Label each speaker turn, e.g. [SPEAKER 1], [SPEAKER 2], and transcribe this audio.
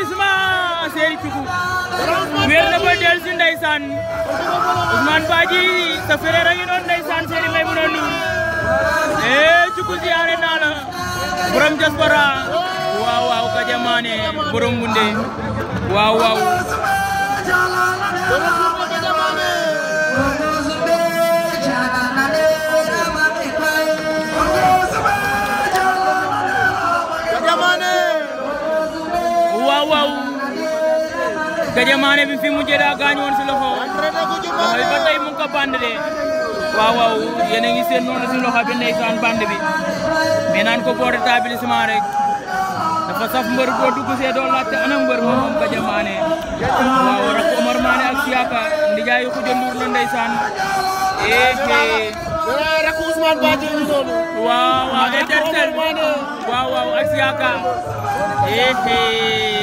[SPEAKER 1] arrondissement Seri Cugu wér na ba del si ndeysaan Ousmane Badji sa frère a ngi noonu ndeysaan Seri may mu noonu ee eh, Cugu ziyaare naa la borom diaspora waaw waaw Kaja Maane borom Bunde waaw waaw waaw waaw Gadia Mané bi fi mu mujjee daa gaañ woon si loxo loxo ba tey mu ngi ko bandee waaw waaw yéen a ngi seen noonu si loxo bi ndeysaan band bi mais naan ko boor établissement rek dafa saf mbër boo dugg see doo laajte mbër moom moom Gadia Mané waaw rakk Omar Mané ak Siaka ndijaayu ko jënduur la ndeysaan ee ee rakk Ousmane Badji